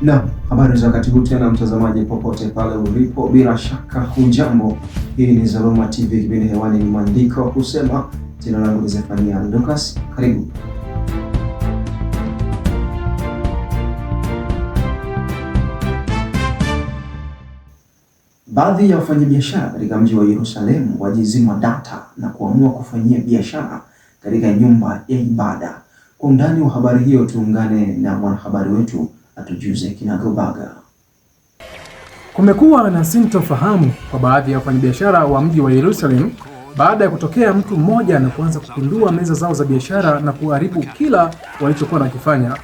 Na habari za wakati huu tena, mtazamaji popote pale ulipo, bila shaka hujambo. Hii ni Zaroma TV, kipindi hewani ni mwandiko wa kusema. Jina langu ni Zefania Lucas, karibu Baadhi ya wafanyabiashara katika mji wa Yerusalemu wajizima data na kuamua kufanyia biashara katika nyumba ya ibada. Kwa undani wa habari hiyo, tuungane na mwanahabari wetu atujuze kinagaubaga. Kumekuwa na sintofahamu kwa baadhi ya wafanyabiashara wa mji wa Yerusalemu baada ya kutokea mtu mmoja na kuanza kupindua meza zao za biashara na kuharibu kila walichokuwa nakifanya.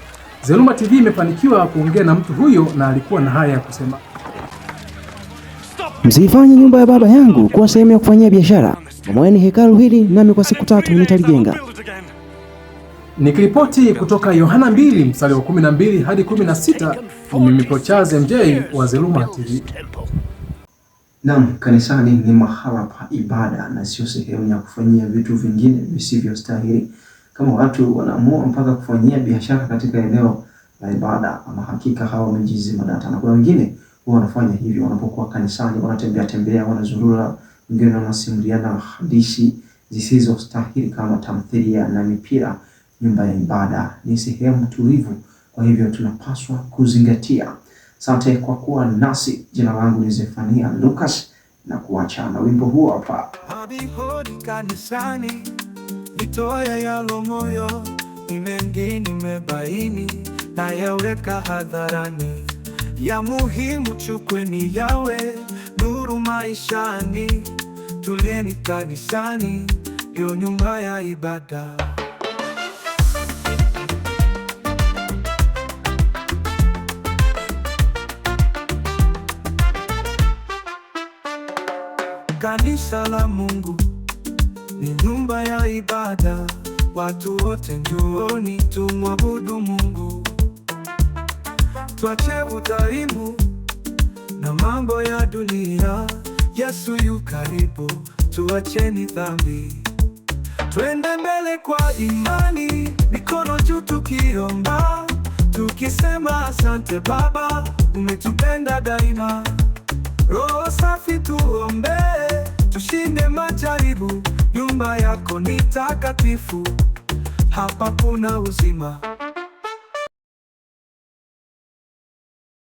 Zeluma TV imefanikiwa kuongea na mtu huyo na alikuwa na haya ya kusema: Msifanye nyumba ya Baba yangu kuwa sehemu ya kufanyia biashara, bomoeni hekalu hili, nami kwa siku tatu nitalijenga. Nikiripoti kutoka Yohana 2 mstari wa 12 hadi 16, ni mimi Prochaz MJ wa Zeluma TV. Naam, kanisani ni mahala pa ibada na sio sehemu ya kufanyia vitu vingine visivyostahili. Kama watu wanaamua mpaka kufanyia biashara katika eneo la ibada, ama hakika hawa wamejizi madata, na kuna wengine huwa wanafanya hivyo wanapokuwa kanisani, wanatembea tembea, wanazurura, wengine wanasimuliana hadithi zisizostahili kama tamthilia na mipira nyumba ya ibada ni sehemu tulivu, kwa hivyo tunapaswa kuzingatia. Asante kwa kuwa nasi. Jina langu ni Zefania Lucas na kuacha na wimbo huo hapa. Habihodi kanisani, nitoya yalo moyo, ni mengi nimebaini, nayaweka hadharani. Ya muhimu chukweni yawe nuru maishani. tuleni kanisani, ndio nyumba ya ibada. Kanisa la Mungu ni nyumba ya ibada, watu wote njooni tumwabudu Mungu. Tuache utaimu na mambo ya dunia, Yesu yu karibu, tuacheni dhambi, twende mbele kwa imani, mikono juu tukiomba, tukisema asante Baba, umetupenda daima. Roho safi tuombee Hatima yako ni takatifu, hapa kuna uzima.